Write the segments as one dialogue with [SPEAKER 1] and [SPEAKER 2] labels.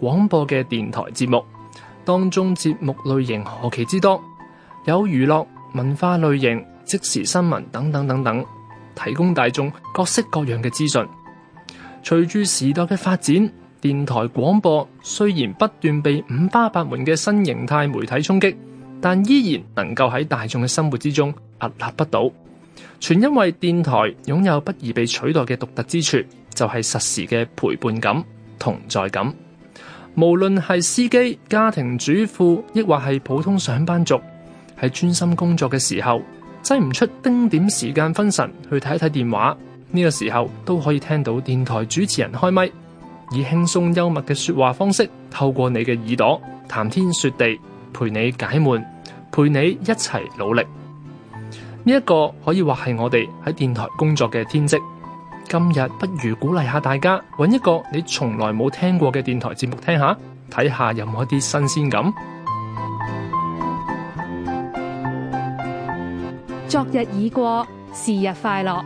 [SPEAKER 1] 廣播嘅電台節目當中，節目類型何其之多，有娛樂、文化類型、即時新聞等等等等，提供大眾各式各樣嘅資訊。隨住時代嘅發展，電台廣播雖然不斷被五花八門嘅新形態媒體衝擊，但依然能夠喺大眾嘅生活之中屹立不倒，全因爲電台擁有不易被取代嘅獨特之處，就係實時嘅陪伴感、同在感。無論係司機、家庭主婦，亦或係普通上班族，喺專心工作嘅時候，擠唔出丁點時間分神去睇一睇電話，呢個時候都可以聽到電台主持人開咪，以輕鬆幽默嘅說話方式，透過你嘅耳朵，談天說地，陪你解悶，陪你一齊努力。呢一個可以話係我哋喺電台工作嘅天職。今日不如鼓勵下大家，揾一個你從來冇聽過嘅電台節目聽下，睇下有冇一啲新鮮感。
[SPEAKER 2] 昨日已過，是日快樂。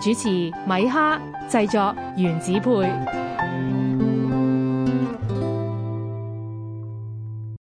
[SPEAKER 2] 主持米哈，製作原子配。